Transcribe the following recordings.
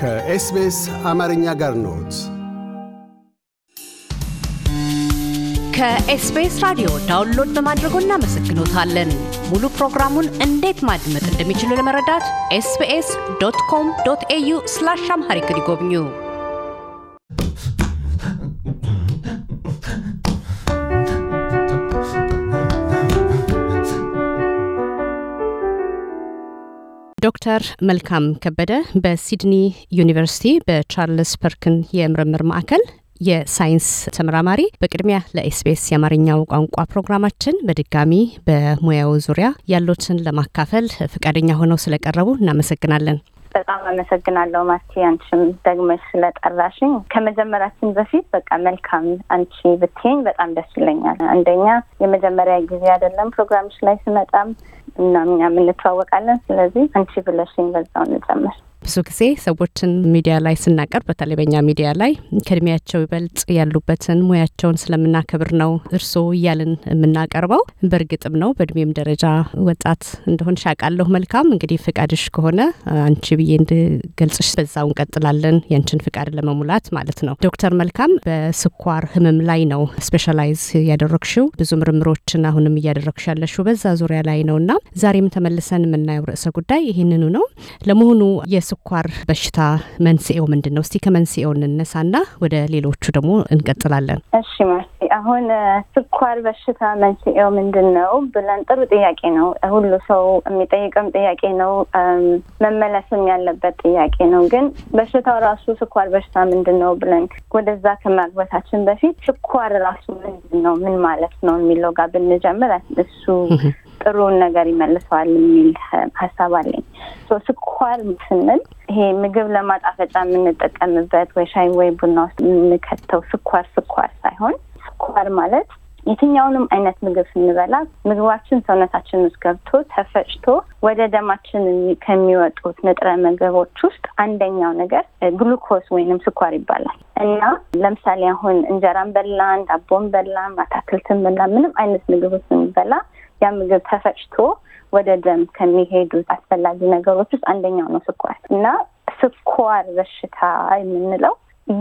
ከኤስቤስ አማርኛ ጋር ነት ከኤስቤስ ራዲዮ ዳውንሎድ በማድረጎ እናመሰግኖታለን። ሙሉ ፕሮግራሙን እንዴት ማድመጥ እንደሚችሉ ለመረዳት ኤስቤስ ዶት ኮም ዶት ኤዩ ስላሽ አምሃሪክ ይጎብኙ። ዶክተር መልካም ከበደ በሲድኒ ዩኒቨርሲቲ በቻርልስ ፐርክን የምርምር ማዕከል የሳይንስ ተመራማሪ፣ በቅድሚያ ለኤስቢኤስ የአማርኛው ቋንቋ ፕሮግራማችን በድጋሚ በሙያው ዙሪያ ያሉትን ለማካፈል ፈቃደኛ ሆነው ስለቀረቡ እናመሰግናለን። በጣም አመሰግናለሁ ማርቲ፣ አንቺም ደግመሽ ስለጠራሽኝ። ከመጀመራችን በፊት በቃ መልካም አንቺ ብትይኝ በጣም ደስ ይለኛል። አንደኛ የመጀመሪያ ጊዜ አይደለም ፕሮግራምሽ ላይ ስመጣም እና እኛ የምንተዋወቃለን። ስለዚህ አንቺ ብለሽኝ በዛው እንጨምር። ብዙ ጊዜ ሰዎችን ሚዲያ ላይ ስናቀርብ በተለይ በኛ ሚዲያ ላይ ከእድሜያቸው ይበልጥ ያሉበትን ሙያቸውን ስለምናከብር ነው እርስዎ እያልን የምናቀርበው። በእርግጥም ነው በእድሜም ደረጃ ወጣት እንደሆን ሻቃለሁ። መልካም እንግዲህ ፍቃድሽ ከሆነ አንቺ ብዬ እንድገልጽሽ በዛው እንቀጥላለን፣ ያንቺን ፍቃድ ለመሙላት ማለት ነው። ዶክተር መልካም በስኳር ህመም ላይ ነው ስፔሻላይዝ ያደረግሽው ብዙ ምርምሮችን አሁንም እያደረግሽ ያለሽው በዛ ዙሪያ ላይ ነው እና ዛሬም ተመልሰን የምናየው ርዕሰ ጉዳይ ይህንኑ ነው። ለመሆኑ የስ የስኳር በሽታ መንስኤው ምንድን ነው? እስቲ ከመንስኤው እንነሳና ወደ ሌሎቹ ደግሞ እንቀጥላለን። እሺ መርሲ፣ አሁን ስኳር በሽታ መንስኤው ምንድን ነው ብለን ጥሩ ጥያቄ ነው። ሁሉ ሰው የሚጠይቀም ጥያቄ ነው፣ መመለስም ያለበት ጥያቄ ነው። ግን በሽታው ራሱ ስኳር በሽታ ምንድን ነው ብለን ወደዛ ከማግበታችን በፊት ስኳር ራሱ ምንድን ነው ምን ማለት ነው የሚለው ጋር ብንጀምር እሱ ጥሩን ነገር ይመልሰዋል የሚል ሀሳብ አለኝ። ስኳር ስንል ይሄ ምግብ ለማጣፈጫ የምንጠቀምበት ወይ ሻይ ወይ ቡና ውስጥ የምንከተው ስኳር ስኳር ሳይሆን ስኳር ማለት የትኛውንም አይነት ምግብ ስንበላ ምግባችን ሰውነታችን ውስጥ ገብቶ ተፈጭቶ ወደ ደማችን ከሚወጡት ንጥረ ምግቦች ውስጥ አንደኛው ነገር ግሉኮስ ወይንም ስኳር ይባላል እና ለምሳሌ አሁን እንጀራን በላን፣ ዳቦን በላን፣ አታክልትን በላን ምንም አይነት ምግብ ስንበላ ያ ምግብ ተፈጭቶ ወደ ደም ከሚሄዱ አስፈላጊ ነገሮች ውስጥ አንደኛው ነው ስኳር እና ስኳር በሽታ የምንለው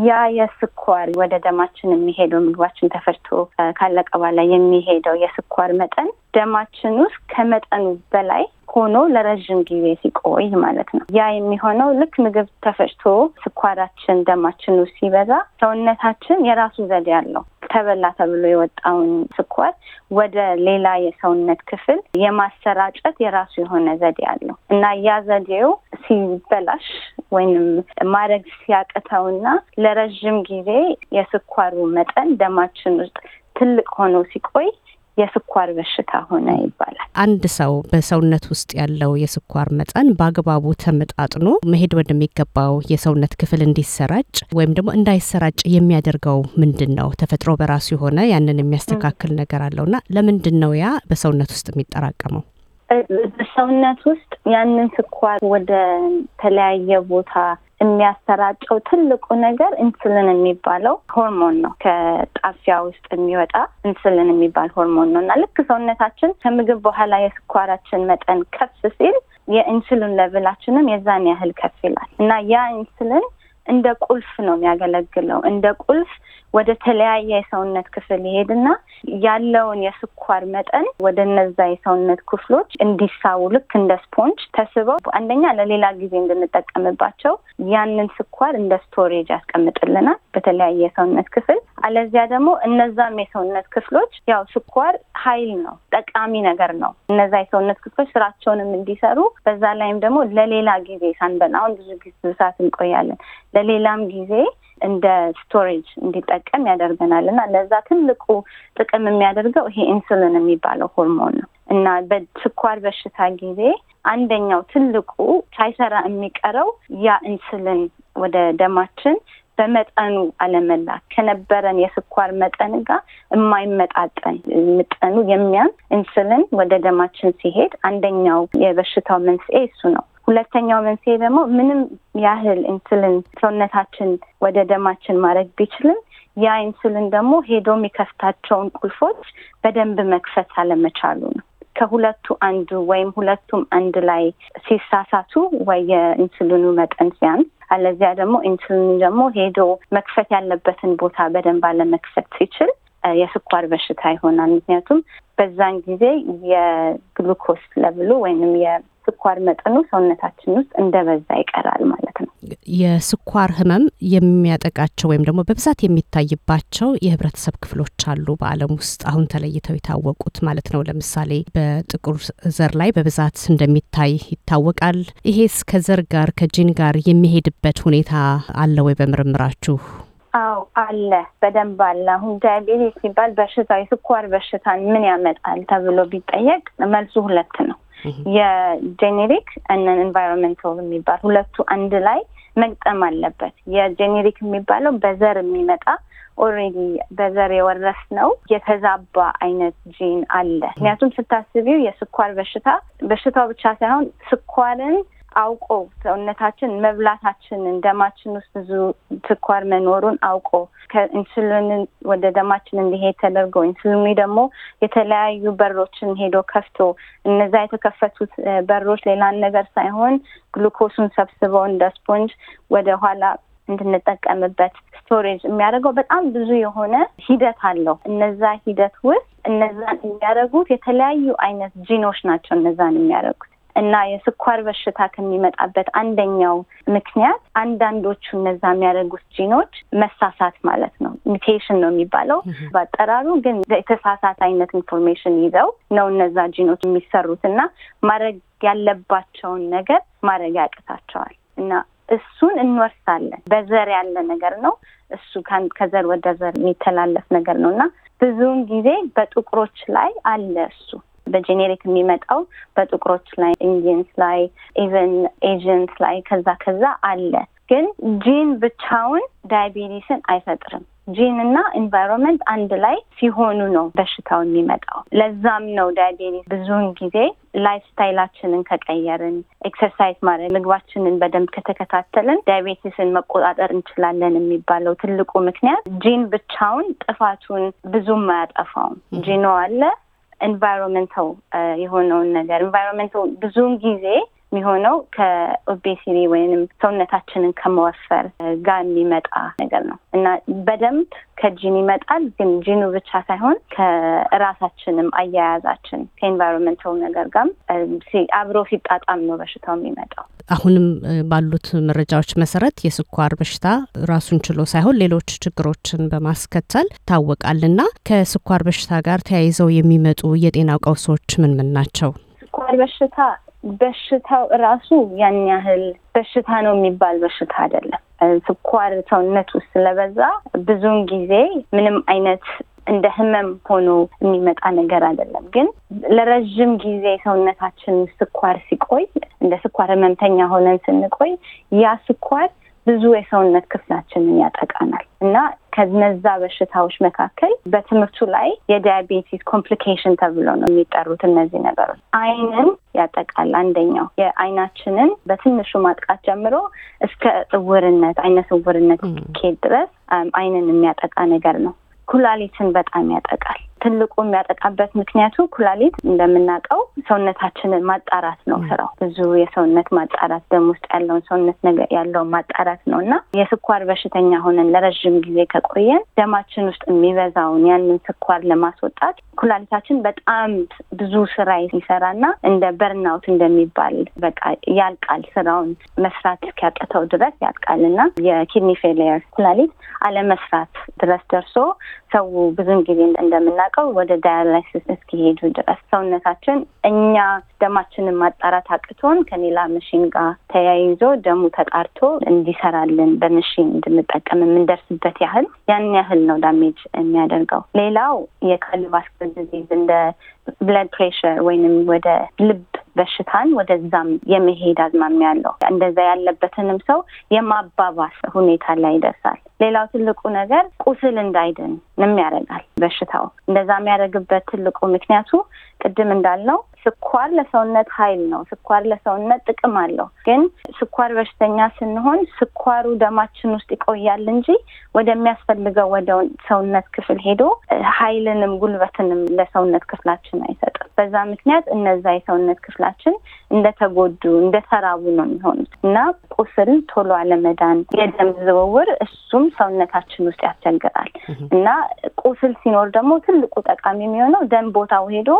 ያ የስኳር ወደ ደማችን የሚሄደው ምግባችን ተፈጭቶ ካለቀ በኋላ የሚሄደው የስኳር መጠን ደማችን ውስጥ ከመጠኑ በላይ ሆኖ ለረዥም ጊዜ ሲቆይ ማለት ነው። ያ የሚሆነው ልክ ምግብ ተፈጭቶ ስኳራችን ደማችን ውስጥ ሲበዛ ሰውነታችን የራሱ ዘዴ አለው። ተበላ ተብሎ የወጣውን ስኳር ወደ ሌላ የሰውነት ክፍል የማሰራጨት የራሱ የሆነ ዘዴ አለው እና ያ ዘዴው ሲበላሽ ወይንም ማድረግ ና ለረዥም ጊዜ የስኳሩ መጠን ደማችን ውስጥ ትልቅ ሆኖ ሲቆይ የስኳር በሽታ ሆነ ይባላል። አንድ ሰው በሰውነት ውስጥ ያለው የስኳር መጠን በአግባቡ ተመጣጥኖ መሄድ ወደሚገባው የሰውነት ክፍል እንዲሰራጭ ወይም ደግሞ እንዳይሰራጭ የሚያደርገው ምንድን ነው? ተፈጥሮ በራሱ የሆነ ያንን የሚያስተካክል ነገር አለውና ለምንድን ነው ያ በሰውነት ውስጥ የሚጠራቀመው? በሰውነት ውስጥ ያንን ስኳር ወደ ተለያየ ቦታ የሚያሰራጨው ትልቁ ነገር ኢንሱሊን የሚባለው ሆርሞን ነው። ከጣፊያ ውስጥ የሚወጣ ኢንሱሊን የሚባል ሆርሞን ነው እና ልክ ሰውነታችን ከምግብ በኋላ የስኳራችን መጠን ከፍ ሲል የኢንሱሊን ለብላችንም የዛን ያህል ከፍ ይላል እና ያ ኢንሱሊን እንደ ቁልፍ ነው የሚያገለግለው። እንደ ቁልፍ ወደ ተለያየ የሰውነት ክፍል ይሄድና ያለውን የስኳር መጠን ወደ እነዛ የሰውነት ክፍሎች እንዲሳቡ ልክ እንደ ስፖንጅ ተስበው አንደኛ ለሌላ ጊዜ እንድንጠቀምባቸው ያንን ስኳር እንደ ስቶሬጅ ያስቀምጥልናል በተለያየ የሰውነት ክፍል። አለዚያ ደግሞ እነዛም የሰውነት ክፍሎች ያው ስኳር ኃይል ነው፣ ጠቃሚ ነገር ነው። እነዛ የሰውነት ክፍሎች ስራቸውንም እንዲሰሩ በዛ ላይም ደግሞ ለሌላ ጊዜ ሳንበን አሁን ብዙ ጊዜ ብዛት እንቆያለን ለሌላም ጊዜ እንደ ስቶሬጅ እንዲጠቀ እንድንጠቀም ያደርገናል እና ለዛ ትልቁ ጥቅም የሚያደርገው ይሄ ኢንሱሊን የሚባለው ሆርሞን ነው እና በስኳር በሽታ ጊዜ አንደኛው ትልቁ ሳይሰራ የሚቀረው ያ ኢንሱሊን ወደ ደማችን በመጠኑ አለመላክ ከነበረን የስኳር መጠን ጋር የማይመጣጠን ምጠኑ የሚያም ኢንሱሊን ወደ ደማችን ሲሄድ አንደኛው የበሽታው መንስኤ እሱ ነው። ሁለተኛው መንስኤ ደግሞ ምንም ያህል ኢንሱሊን ሰውነታችን ወደ ደማችን ማድረግ ቢችልም ያ ኢንሱሊን ደግሞ ሄዶ የሚከፍታቸውን ቁልፎች በደንብ መክፈት አለመቻሉ ነው። ከሁለቱ አንዱ ወይም ሁለቱም አንድ ላይ ሲሳሳቱ ወይ የኢንሱሊኑ መጠን ሲያንስ፣ አለዚያ ደግሞ ኢንሱሊኑ ደግሞ ሄዶ መክፈት ያለበትን ቦታ በደንብ አለመክፈት ሲችል የስኳር በሽታ ይሆናል። ምክንያቱም በዛን ጊዜ የግሉኮስ ለብሉ ወይንም ስኳር መጠኑ ሰውነታችን ውስጥ እንደበዛ ይቀራል ማለት ነው። የስኳር ህመም የሚያጠቃቸው ወይም ደግሞ በብዛት የሚታይባቸው የህብረተሰብ ክፍሎች አሉ በዓለም ውስጥ አሁን ተለይተው የታወቁት ማለት ነው። ለምሳሌ በጥቁር ዘር ላይ በብዛት እንደሚታይ ይታወቃል። ይሄስ ከዘር ጋር ከጂን ጋር የሚሄድበት ሁኔታ አለ ወይ በምርምራችሁ? አዎ አለ፣ በደንብ አለ። አሁን ዳያቤቴስ ሲባል በሽታ የስኳር በሽታን ምን ያመጣል ተብሎ ቢጠየቅ መልሱ ሁለት ነው። Mm-hmm. የጄኔሪክ እነን ኤንቫይሮንመንታል የሚባል ሁለቱ አንድ ላይ መግጠም አለበት። የጄኔሪክ የሚባለው በዘር የሚመጣ ኦልሬዲ በዘር የወረስ ነው የተዛባ አይነት ጂን አለ። ምክንያቱም ስታስቢው የስኳር በሽታ በሽታው ብቻ ሳይሆን ስኳርን አውቆ ሰውነታችን መብላታችንን ደማችን ውስጥ ብዙ ትኳር መኖሩን አውቆ ከኢንሱሊንን ወደ ደማችን እንዲሄድ ተደርጎ ኢንሱሊኑ ደግሞ የተለያዩ በሮችን ሄዶ ከፍቶ እነዛ የተከፈቱት በሮች ሌላን ነገር ሳይሆን ግሉኮሱን ሰብስበው እንደ ስፖንጅ ወደ ኋላ እንድንጠቀምበት ስቶሬጅ የሚያደርገው በጣም ብዙ የሆነ ሂደት አለው። እነዛ ሂደት ውስጥ እነዛን የሚያደርጉት የተለያዩ አይነት ጂኖች ናቸው። እነዛን የሚያደርጉት እና የስኳር በሽታ ከሚመጣበት አንደኛው ምክንያት አንዳንዶቹ እነዛ የሚያደርጉት ጂኖች መሳሳት ማለት ነው። ሚቴሽን ነው የሚባለው በአጠራሩ። ግን የተሳሳት አይነት ኢንፎርሜሽን ይዘው ነው እነዛ ጂኖች የሚሰሩት እና ማድረግ ያለባቸውን ነገር ማድረግ ያቅታቸዋል እና እሱን እንወርሳለን። በዘር ያለ ነገር ነው እሱ ከዘር ወደ ዘር የሚተላለፍ ነገር ነው እና ብዙውን ጊዜ በጥቁሮች ላይ አለ እሱ በጄኔሪክ የሚመጣው በጥቁሮች ላይ ኢንዲየንስ ላይ ኢቨን ኤጀንት ላይ ከዛ ከዛ አለ። ግን ጂን ብቻውን ዳያቤቲስን አይፈጥርም። ጂን እና ኢንቫይሮንመንት አንድ ላይ ሲሆኑ ነው በሽታው የሚመጣው። ለዛም ነው ዳያቤቲስ ብዙውን ጊዜ ላይፍ ስታይላችንን ከቀየርን፣ ኤክሰርሳይዝ ማድረግ፣ ምግባችንን በደንብ ከተከታተልን ዳያቤቲስን መቆጣጠር እንችላለን የሚባለው ትልቁ ምክንያት ጂን ብቻውን ጥፋቱን ብዙም አያጠፋውም። ጂኖ አለ ኤንቫይሮንመንታል uh, የሆነውን ነገር ኤንቫይሮንመንታል ብዙውን ጊዜ የሚሆነው ከኦቤሲቲ ወይም ሰውነታችንን ከመወፈር ጋር የሚመጣ ነገር ነው እና በደንብ ከጂን ይመጣል። ግን ጂኑ ብቻ ሳይሆን ከራሳችንም አያያዛችን ከኤንቫይሮንመንታዊ ነገር ጋር አብሮ ሲጣጣም ነው በሽታው የሚመጣው። አሁንም ባሉት መረጃዎች መሰረት የስኳር በሽታ ራሱን ችሎ ሳይሆን ሌሎች ችግሮችን በማስከተል እና ከስኳር በሽታ ጋር ተያይዘው የሚመጡ የጤና ቀውሶች ምን ምን ናቸው? ስኳር በሽታ በሽታው ራሱ ያን ያህል በሽታ ነው የሚባል በሽታ አይደለም። ስኳር ሰውነት ውስጥ ስለበዛ ብዙውን ጊዜ ምንም አይነት እንደ ህመም ሆኖ የሚመጣ ነገር አይደለም። ግን ለረዥም ጊዜ ሰውነታችን ስኳር ሲቆይ እንደ ስኳር ህመምተኛ ሆነን ስንቆይ ያ ስኳር ብዙ የሰውነት ክፍላችንን ያጠቃናል እና ከነዛ በሽታዎች መካከል በትምህርቱ ላይ የዲያቤቲስ ኮምፕሊኬሽን ተብሎ ነው የሚጠሩት እነዚህ ነገሮች። አይንን ያጠቃል አንደኛው የአይናችንን በትንሹ ማጥቃት ጀምሮ እስከ እውርነት፣ አይነ ስውርነት ድረስ አይንን የሚያጠቃ ነገር ነው። ኩላሊትን በጣም ያጠቃል። ትልቁ የሚያጠቃበት ምክንያቱ ኩላሊት እንደምናውቀው ሰውነታችንን ማጣራት ነው ስራው። ብዙ የሰውነት ማጣራት ደም ውስጥ ያለውን ሰውነት ነገር ያለውን ማጣራት ነው እና የስኳር በሽተኛ ሆነን ለረዥም ጊዜ ከቆየን ደማችን ውስጥ የሚበዛውን ያንን ስኳር ለማስወጣት ኩላሊታችን በጣም ብዙ ስራ ይሰራና እንደ በርናውት እንደሚባል በቃ ያልቃል። ስራውን መስራት እስኪያቅተው ድረስ ያልቃል እና የኪድኒ ፌሊየር ኩላሊት አለመስራት ድረስ ደርሶ ሰው ብዙን ጊዜ እንደምናውቀው የሚያውቀው ወደ ዳያላይሲስ እስኪሄዱ ድረስ ሰውነታችን እኛ ደማችንን ማጣራት አቅቶን ከሌላ መሽን ጋር ተያይዞ ደሙ ተጣርቶ እንዲሰራልን በመሽን እንድንጠቀም የምንደርስበት ያህል ያን ያህል ነው ዳሜጅ የሚያደርገው። ሌላው የካርዲዮቫስኩላር ዲዚዝ እንደ ብለድ ፕሬሽር ወይንም ወደ ልብ በሽታን ወደዛም የመሄድ አዝማሚያ አለው። እንደዛ ያለበትንም ሰው የማባባስ ሁኔታ ላይ ይደርሳል። ሌላው ትልቁ ነገር ቁስል እንዳይድን ያደርጋል በሽታው። እንደዛ የሚያደርግበት ትልቁ ምክንያቱ ቅድም እንዳለው ስኳር ለሰውነት ኃይል ነው። ስኳር ለሰውነት ጥቅም አለው። ግን ስኳር በሽተኛ ስንሆን ስኳሩ ደማችን ውስጥ ይቆያል እንጂ ወደሚያስፈልገው ወደ ሰውነት ክፍል ሄዶ ኃይልንም ጉልበትንም ለሰውነት ክፍላችን አይሰጥም። በዛ ምክንያት እነዛ የሰውነት ክፍላችን እንደተጎዱ እንደተራቡ ነው የሚሆኑት እና ቁስል ቶሎ አለመዳን፣ የደም ዝውውር እሱም ሰውነታችን ውስጥ ያስቸግራል እና ቁስል ሲኖር ደግሞ ትልቁ ጠቃሚ የሚሆነው ደም ቦታው ሄዶ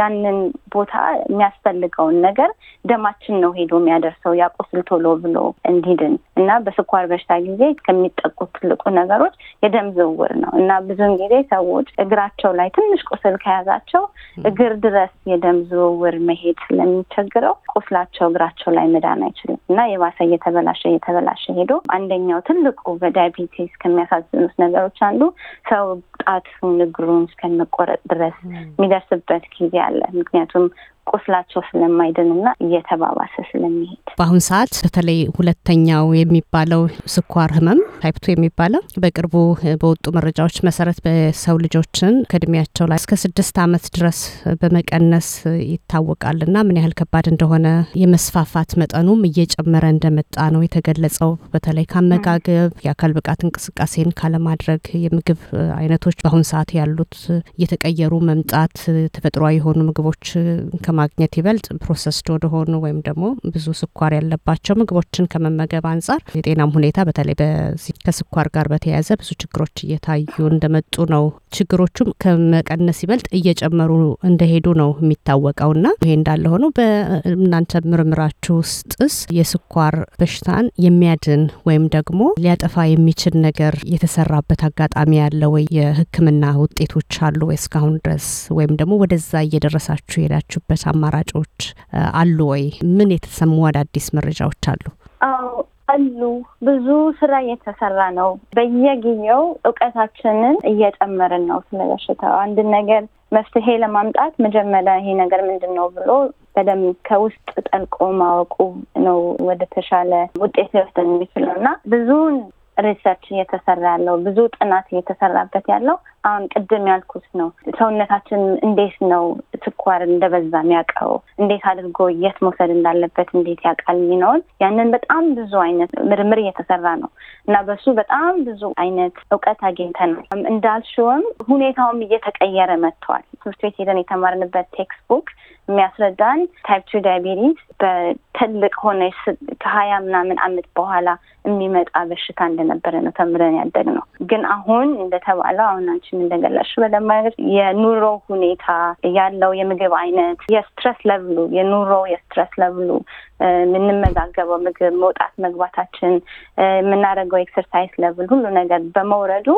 ያንን ቦታ የሚያስፈልገውን ነገር ደማችን ነው ሄዶ የሚያደርሰው ያ ቁስል ቶሎ ብሎ እንዲድን እና በስኳር በሽታ ጊዜ ከሚጠቁት ትልቁ ነገሮች የደም ዝውውር ነው እና ብዙን ጊዜ ሰዎች እግራቸው ላይ ትንሽ ቁስል ከያዛቸው እግር ድረስ የደም ዝውውር መሄድ ስለሚቸግረው ቁስላቸው እግራቸው ላይ መዳን አይችልም እና የባሰ እየተበላሸ እየተበላሸ ሄዶ አንደኛው ትልቁ በዳያቤቲስ ከሚያሳዝኑት ነገሮች አንዱ ሰው ጣቱን እግሩን እስከመቆረጥ ድረስ የሚደርስበት ጊዜ አለ። ምክንያቱም ቁስላቸው ስለማይድንና እየተባባሰ ስለሚሄድ በአሁን ሰዓት በተለይ ሁለተኛው የሚባለው ስኳር ህመም ታይፕቱ የሚባለው በቅርቡ በወጡ መረጃዎች መሰረት በሰው ልጆችን ከእድሜያቸው ላይ እስከ ስድስት ዓመት ድረስ በመቀነስ ይታወቃል እና ምን ያህል ከባድ እንደሆነ የመስፋፋት መጠኑም እየጨመረ እንደመጣ ነው የተገለጸው። በተለይ ከአመጋገብ፣ የአካል ብቃት እንቅስቃሴን ካለማድረግ፣ የምግብ አይነቶች በአሁን ሰዓት ያሉት እየተቀየሩ መምጣት፣ ተፈጥሯዊ የሆኑ ምግቦች ለማግኘት ይበልጥ ፕሮሰስድ ወደሆኑ ወይም ደግሞ ብዙ ስኳር ያለባቸው ምግቦችን ከመመገብ አንጻር የጤናም ሁኔታ በተለይ በዚህ ከስኳር ጋር በተያያዘ ብዙ ችግሮች እየታዩ እንደመጡ ነው። ችግሮቹም ከመቀነስ ይበልጥ እየጨመሩ እንደሄዱ ነው የሚታወቀው እና ይሄ እንዳለ ሆኖ በእናንተ ምርምራችሁ ውስጥስ የስኳር በሽታን የሚያድን ወይም ደግሞ ሊያጠፋ የሚችል ነገር የተሰራበት አጋጣሚ ያለ ወይ? የህክምና ውጤቶች አሉ ወይ እስካሁን ድረስ ወይም ደግሞ ወደዛ እየደረሳችሁ ሄዳችሁበት አማራጮች አሉ ወይ? ምን የተሰሙ አዳዲስ መረጃዎች አሉ? አዎ አሉ። ብዙ ስራ እየተሰራ ነው። በየጊዜው እውቀታችንን እየጨመርን ነው ስለ በሽታው። አንድ ነገር መፍትሄ ለማምጣት መጀመሪያ ይሄ ነገር ምንድን ነው ብሎ በደንብ ከውስጥ ጠልቆ ማወቁ ነው ወደ ተሻለ ውጤት ሊወስደን የሚችለው እና ብዙ ሪሰርች እየተሰራ ያለው ብዙ ጥናት እየተሰራበት ያለው አሁን ቅድም ያልኩት ነው። ሰውነታችን እንዴት ነው ስኳር እንደበዛ የሚያውቀው? እንዴት አድርጎ የት መውሰድ እንዳለበት እንዴት ያውቃል የሚለውን ያንን በጣም ብዙ አይነት ምርምር እየተሰራ ነው እና በሱ በጣም ብዙ አይነት እውቀት አግኝተናል። እንዳልሽውም ሁኔታውም እየተቀየረ መጥቷል። ትምህርት ቤት ሄደን የተማርንበት ቴክስት ቡክ የሚያስረዳን ታይፕ ቱ ዳያቤቲስ በትልቅ ሆነች ከሀያ ምናምን አመት በኋላ የሚመጣ በሽታ እንደነበረ ነው ተምረን ያደግ ነው። ግን አሁን እንደተባለው አሁን አንቺ ቅድም እንደገለጽሽው በደንብ የኑሮ ሁኔታ ያለው የምግብ አይነት፣ የስትረስ ለብሉ የኑሮ የስትረስ ለብሉ፣ የምንመጋገበው ምግብ፣ መውጣት መግባታችን፣ የምናደርገው ኤክሰርሳይዝ ለብል ሁሉ ነገር በመውረዱ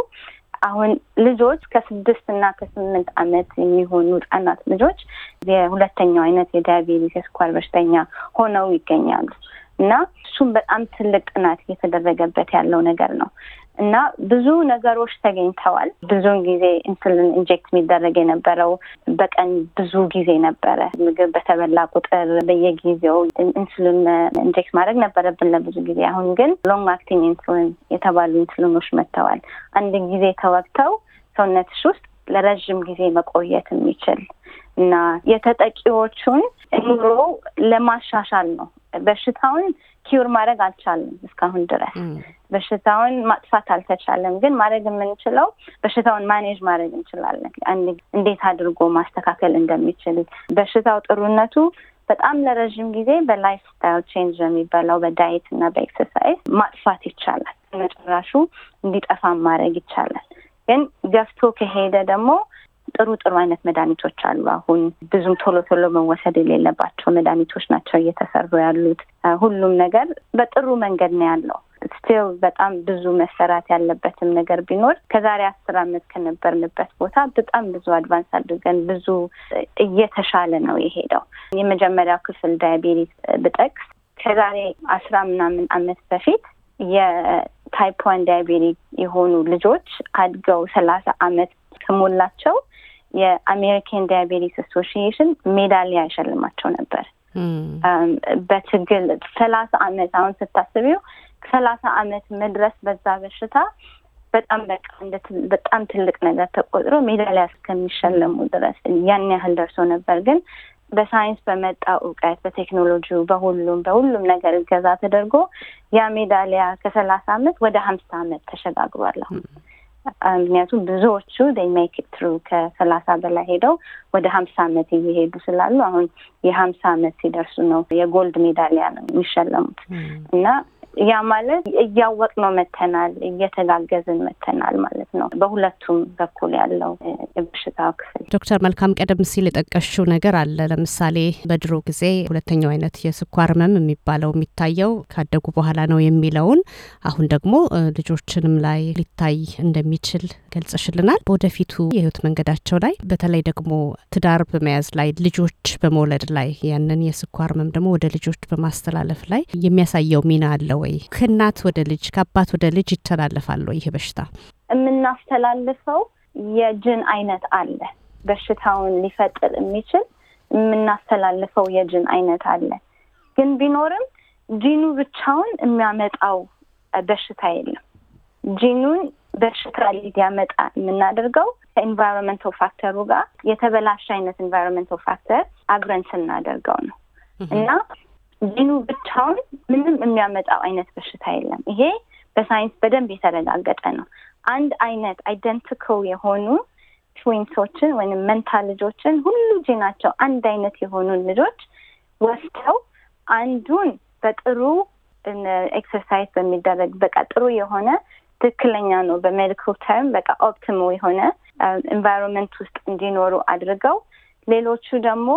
አሁን ልጆች ከስድስት እና ከስምንት አመት የሚሆኑ ህጻናት ልጆች የሁለተኛው አይነት የዳያቤቲስ የስኳር በሽተኛ ሆነው ይገኛሉ እና እሱም በጣም ትልቅ ጥናት እየተደረገበት ያለው ነገር ነው። እና ብዙ ነገሮች ተገኝተዋል። ብዙውን ጊዜ ኢንሱሊን ኢንጀክት የሚደረግ የነበረው በቀን ብዙ ጊዜ ነበረ። ምግብ በተበላ ቁጥር በየጊዜው ኢንሱሊን ኢንጀክት ማድረግ ነበረብን ለብዙ ጊዜ። አሁን ግን ሎንግ አክቲንግ ኢንሱሊን የተባሉ ኢንሱሊኖች መጥተዋል። አንድ ጊዜ ተወግተው ሰውነትሽ ውስጥ ለረዥም ጊዜ መቆየት የሚችል እና የተጠቂዎቹን ኑሮ ለማሻሻል ነው በሽታውን ኪውር ማድረግ አልቻለም እስካሁን ድረስ በሽታውን ማጥፋት አልተቻለም። ግን ማድረግ የምንችለው በሽታውን ማኔጅ ማድረግ እንችላለን። እንዴት አድርጎ ማስተካከል እንደሚችል በሽታው ጥሩነቱ በጣም ለረዥም ጊዜ በላይፍ ስታይል ቼንጅ የሚባለው በዳየት እና በኤክሰርሳይዝ ማጥፋት ይቻላል። መጨራሹ እንዲጠፋ ማድረግ ይቻላል። ግን ገፍቶ ከሄደ ደግሞ ጥሩ ጥሩ አይነት መድኃኒቶች አሉ። አሁን ብዙም ቶሎ ቶሎ መወሰድ የሌለባቸው መድኃኒቶች ናቸው እየተሰሩ ያሉት። ሁሉም ነገር በጥሩ መንገድ ነው ያለው። ስቲል በጣም ብዙ መሰራት ያለበትም ነገር ቢኖር ከዛሬ አስር ዓመት ከነበርንበት ቦታ በጣም ብዙ አድቫንስ አድርገን ብዙ እየተሻለ ነው የሄደው። የመጀመሪያው ክፍል ዳያቤቲስ ብጠቅስ ከዛሬ አስራ ምናምን ዓመት በፊት የታይፕ ዋን ዳያቤቲክ የሆኑ ልጆች አድገው ሰላሳ አመት ከሞላቸው የአሜሪካን ዲያቤቲስ አሶሺዬሽን ሜዳሊያ ይሸልማቸው ነበር በትግል ሰላሳ አመት አሁን ስታስቢው ሰላሳ አመት መድረስ በዛ በሽታ በጣም በቃ በጣም ትልቅ ነገር ተቆጥሮ ሜዳሊያ እስከሚሸለሙ ድረስ ያን ያህል ደርሶ ነበር። ግን በሳይንስ በመጣ እውቀት፣ በቴክኖሎጂ በሁሉም በሁሉም ነገር እገዛ ተደርጎ ያ ሜዳሊያ ከሰላሳ አመት ወደ ሀምሳ አመት ተሸጋግሯል አሁን ምክንያቱም ብዙዎቹ ሜክ ትሩ ከሰላሳ በላይ ሄደው ወደ ሀምሳ አመት እየሄዱ ስላሉ አሁን የሀምሳ አመት ሲደርሱ ነው የጎልድ ሜዳሊያ ነው የሚሸለሙት እና ያ ማለት እያወቅ ነው መተናል፣ እየተጋገዝን መተናል ማለት ነው። በሁለቱም በኩል ያለው የበሽታው ክፍል ዶክተር መልካም ቀደም ሲል የጠቀሽው ነገር አለ። ለምሳሌ በድሮ ጊዜ ሁለተኛው አይነት የስኳር ህመም የሚባለው የሚታየው ካደጉ በኋላ ነው የሚለውን አሁን ደግሞ ልጆችንም ላይ ሊታይ እንደሚችል ገልጽሽልናል በወደፊቱ የህይወት መንገዳቸው ላይ በተለይ ደግሞ ትዳር በመያዝ ላይ ልጆች በመውለድ ላይ ያንን የስኳር ህመም ደግሞ ወደ ልጆች በማስተላለፍ ላይ የሚያሳየው ሚና አለው ወይ? ከእናት ወደ ልጅ ከአባት ወደ ልጅ ይተላለፋል ወይ? ይህ በሽታ የምናስተላልፈው የጅን አይነት አለ። በሽታውን ሊፈጥር የሚችል የምናስተላልፈው የጅን አይነት አለ። ግን ቢኖርም ጂኑ ብቻውን የሚያመጣው በሽታ የለም። ጂኑን በሽታ ሊያመጣ የምናደርገው ከኢንቫይሮንመንታል ፋክተሩ ጋር የተበላሸ አይነት ኢንቫይሮንመንታል ፋክተር አብረን ስናደርገው ነው እና ጂኑ ብቻውን ምንም የሚያመጣው አይነት በሽታ የለም። ይሄ በሳይንስ በደንብ የተረጋገጠ ነው። አንድ አይነት አይደንቲካል የሆኑ ትዊንሶችን ወይም መንታ ልጆችን ሁሉ ጂናቸው አንድ አይነት የሆኑን ልጆች ወስደው አንዱን በጥሩ ኤክሰርሳይዝ በሚደረግ በቃ ጥሩ የሆነ ትክክለኛ ነው በሜዲካል ተርም በቃ ኦፕቲሞ የሆነ ኢንቫይሮንመንት ውስጥ እንዲኖሩ አድርገው ሌሎቹ ደግሞ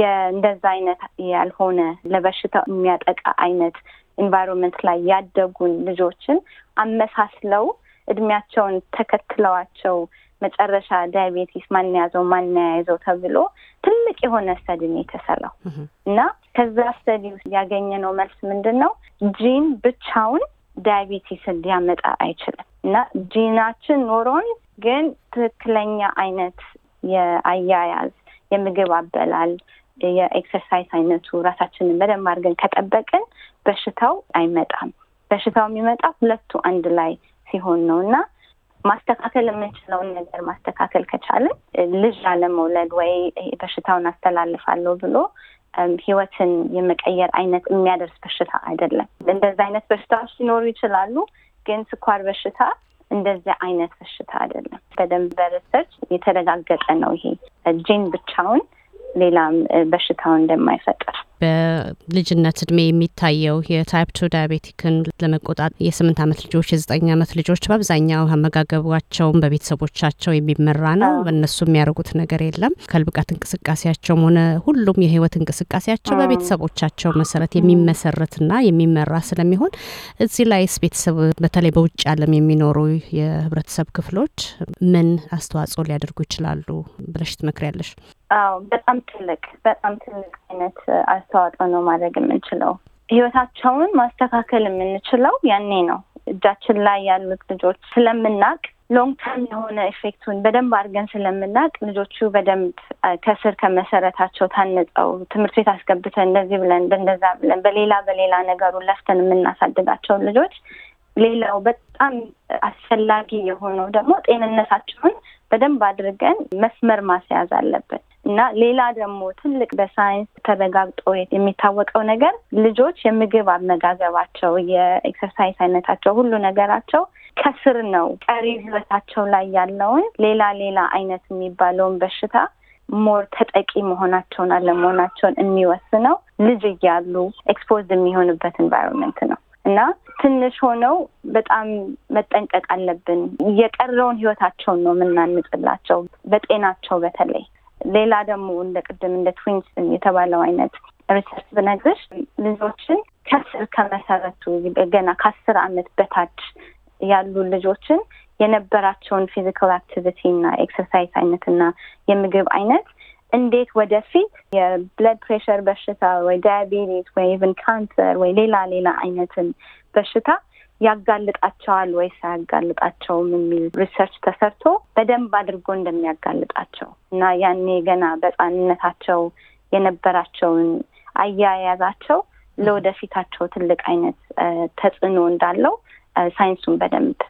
የእንደዛ አይነት ያልሆነ ለበሽታ የሚያጠቃ አይነት ኢንቫይሮንመንት ላይ ያደጉን ልጆችን አመሳስለው እድሜያቸውን ተከትለዋቸው መጨረሻ ዳያቤቲስ ማን ያዘው ማን ተብሎ ትልቅ የሆነ ስተዲ ነው የተሰራው እና ከዛ ስተዲ ውስጥ ያገኘነው መልስ ምንድን ነው? ጂን ብቻውን ዳያቤቲስን ሊያመጣ አይችልም እና ጂናችን ኖሮን ግን ትክክለኛ አይነት የአያያዝ የምግብ አበላል የኤክሰርሳይዝ አይነቱ ራሳችንን በደንብ አድርገን ከጠበቅን በሽታው አይመጣም። በሽታው የሚመጣ ሁለቱ አንድ ላይ ሲሆን ነው እና ማስተካከል የምንችለውን ነገር ማስተካከል ከቻለን ልጅ አለመውለድ ወይ በሽታውን አስተላልፋለሁ ብሎ ህይወትን የመቀየር አይነት የሚያደርስ በሽታ አይደለም። እንደዚ አይነት በሽታዎች ሊኖሩ ይችላሉ፣ ግን ስኳር በሽታ እንደዚህ አይነት በሽታ አይደለም። በደንብ በሪሰርች የተረጋገጠ ነው። ይሄ ጂን ብቻውን ሌላም በሽታው እንደማይፈጠር በልጅነት እድሜ የሚታየው የታይፕ ቱ ዳያቤቲክን ለመቆጣት የስምንት ዓመት ልጆች የዘጠኝ ዓመት ልጆች በአብዛኛው አመጋገቧቸውን በቤተሰቦቻቸው የሚመራ ነው። በእነሱ የሚያደርጉት ነገር የለም። ከልብቃት እንቅስቃሴያቸውም ሆነ ሁሉም የህይወት እንቅስቃሴያቸው በቤተሰቦቻቸው መሰረት የሚመሰረትና የሚመራ ስለሚሆን እዚህ ላይስ ቤተሰብ በተለይ በውጭ ዓለም የሚኖሩ የህብረተሰብ ክፍሎች ምን አስተዋጽኦ ሊያደርጉ ይችላሉ ብለሽ ትመክሪያለሽ? አዎ በጣም ትልቅ በጣም ትልቅ አይነት አስተዋጽኦ ነው ማድረግ የምንችለው። ህይወታቸውን ማስተካከል የምንችለው ያኔ ነው። እጃችን ላይ ያሉት ልጆች ስለምናቅ ሎንግ ተርም የሆነ ኢፌክቱን በደንብ አድርገን ስለምናቅ ልጆቹ በደንብ ከስር ከመሰረታቸው ታንጸው ትምህርት ቤት አስገብተን እንደዚህ ብለን በእንደዛ ብለን በሌላ በሌላ ነገሩ ለፍተን የምናሳድጋቸውን ልጆች ሌላው በጣም አስፈላጊ የሆነው ደግሞ ጤንነታቸውን በደንብ አድርገን መስመር ማስያዝ አለብን። እና ሌላ ደግሞ ትልቅ በሳይንስ ተረጋግጦ የሚታወቀው ነገር ልጆች የምግብ አመጋገባቸው፣ የኤክሰርሳይዝ አይነታቸው፣ ሁሉ ነገራቸው ከስር ነው ቀሪ ህይወታቸው ላይ ያለውን ሌላ ሌላ አይነት የሚባለውን በሽታ ሞር ተጠቂ መሆናቸውን አለመሆናቸውን የሚወስነው ልጅ እያሉ ኤክስፖዝ የሚሆንበት ኤንቫይሮንመንት ነው እና ትንሽ ሆነው በጣም መጠንቀቅ አለብን። የቀረውን ህይወታቸውን ነው የምናንጽላቸው በጤናቸው በተለይ ሌላ ደግሞ እንደ ቅድም እንደ ትዊንስ የተባለው አይነት ሪሰርች ብነግርሽ ልጆችን ከስር ከመሰረቱ ገና ከአስር አመት በታች ያሉ ልጆችን የነበራቸውን ፊዚካል አክቲቪቲ እና ኤክሰርሳይዝ አይነት እና የምግብ አይነት እንዴት ወደፊት የብለድ ፕሬሽር በሽታ ወይ ዳያቤቲስ ወይ ኢቨን ካንሰር ወይ ሌላ ሌላ አይነትን በሽታ ያጋልጣቸዋል ወይስ አያጋልጣቸውም የሚል ሪሰርች ተሰርቶ በደንብ አድርጎ እንደሚያጋልጣቸው እና ያኔ ገና በጻንነታቸው የነበራቸውን አያያዛቸው ለወደፊታቸው ትልቅ አይነት ተጽዕኖ እንዳለው ሳይንሱን በደንብ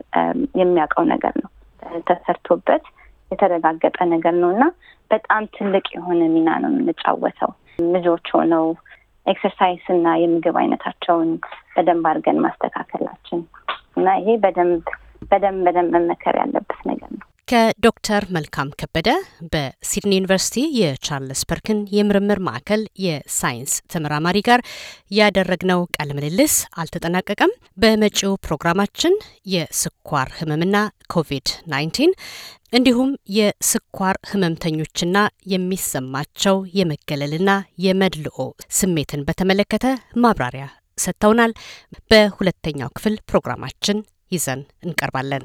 የሚያውቀው ነገር ነው። ተሰርቶበት የተረጋገጠ ነገር ነው እና በጣም ትልቅ የሆነ ሚና ነው የምንጫወተው ልጆች ሆነው ኤክሰርሳይስ እና የምግብ አይነታቸውን በደንብ አድርገን ማስተካከላችን እና ይሄ በደንብ በደንብ በደንብ መመከር ያለበት ነገር ነው። ከዶክተር መልካም ከበደ በሲድኒ ዩኒቨርሲቲ የቻርልስ ፐርክን የምርምር ማዕከል የሳይንስ ተመራማሪ ጋር ያደረግነው ቃለ ምልልስ አልተጠናቀቀም። በመጪው ፕሮግራማችን የስኳር ህመምና ኮቪድ-19 እንዲሁም የስኳር ህመምተኞችና የሚሰማቸው የመገለልና የመድልኦ ስሜትን በተመለከተ ማብራሪያ ሰጥተውናል። በሁለተኛው ክፍል ፕሮግራማችን ይዘን እንቀርባለን።